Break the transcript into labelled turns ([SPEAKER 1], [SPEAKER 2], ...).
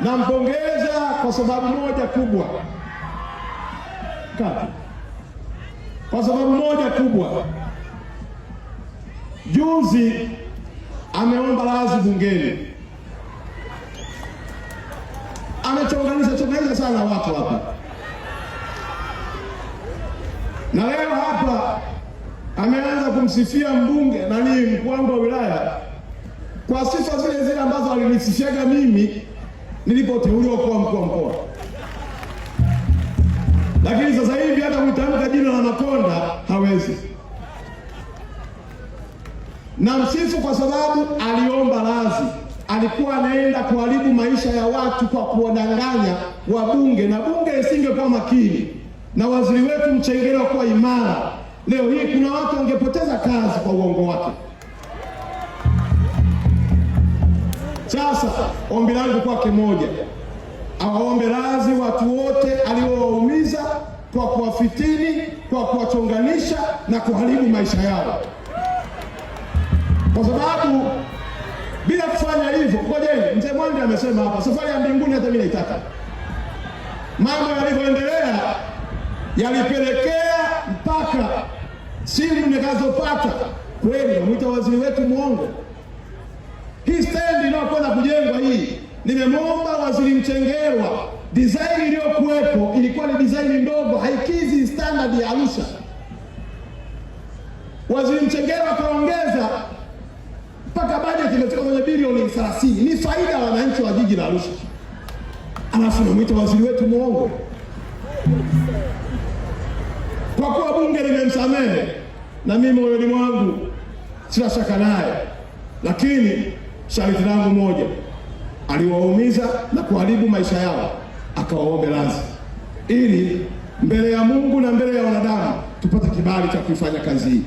[SPEAKER 1] nampongeza kwa sababu moja kubwa Kati. Kwa sababu moja kubwa, juzi ameomba radhi bungeni, amechonganisha chonganisha sana watu hapa, na leo hapa ameanza kumsifia mbunge nani, mkuu wangu wa wilaya kwa sifa zile zile ambazo alinisifyaga mimi nilipoteuliwa kuwa mkuu wa mkoa. Lakini sasa hivi hata kuitamka jina la Makonda hawezi. na msifu kwa sababu aliomba radhi. Alikuwa anaenda kuharibu maisha ya watu kwa kuwadanganya wabunge, na bunge isingekuwa makini na waziri wetu Mchengerwa kuwa imara, leo hii kuna watu wangepoteza kazi kwa uongo wake. Sasa ombi langu kwake moja, awaombe radhi watu wote aliowaumiza kwa kuwafitini, kwa kuwachonganisha na kuharibu maisha yao, kwa sababu bila kufanya hivyo, ngojeni, mzee Mwandi amesema hapa, safari ya mbinguni hata mimi naitaka. Mambo yalivyoendelea yalipelekea mpaka simu nikazopata kweli, namwita waziri wetu mwongo stendi inayokwenda kujengwa hii, nimemwomba waziri Mchengerwa, design iliyokuwepo ilikuwa ni design ndogo, haikizi standard ya Arusha. Waziri Mchengerwa akaongeza mpaka bajeti imetoka kwenye bilioni 30, ni faida wananchi wa jiji la Arusha, alafu namwita waziri wetu mwongo. Kwa kuwa bunge limemsamehe na mimi moyoni mwangu sina shaka naye, lakini shariki langu moja, aliwaumiza na kuharibu maisha yao, akawaombe radhi ili mbele ya Mungu na mbele ya wanadamu tupate kibali cha kuifanya kazi hii.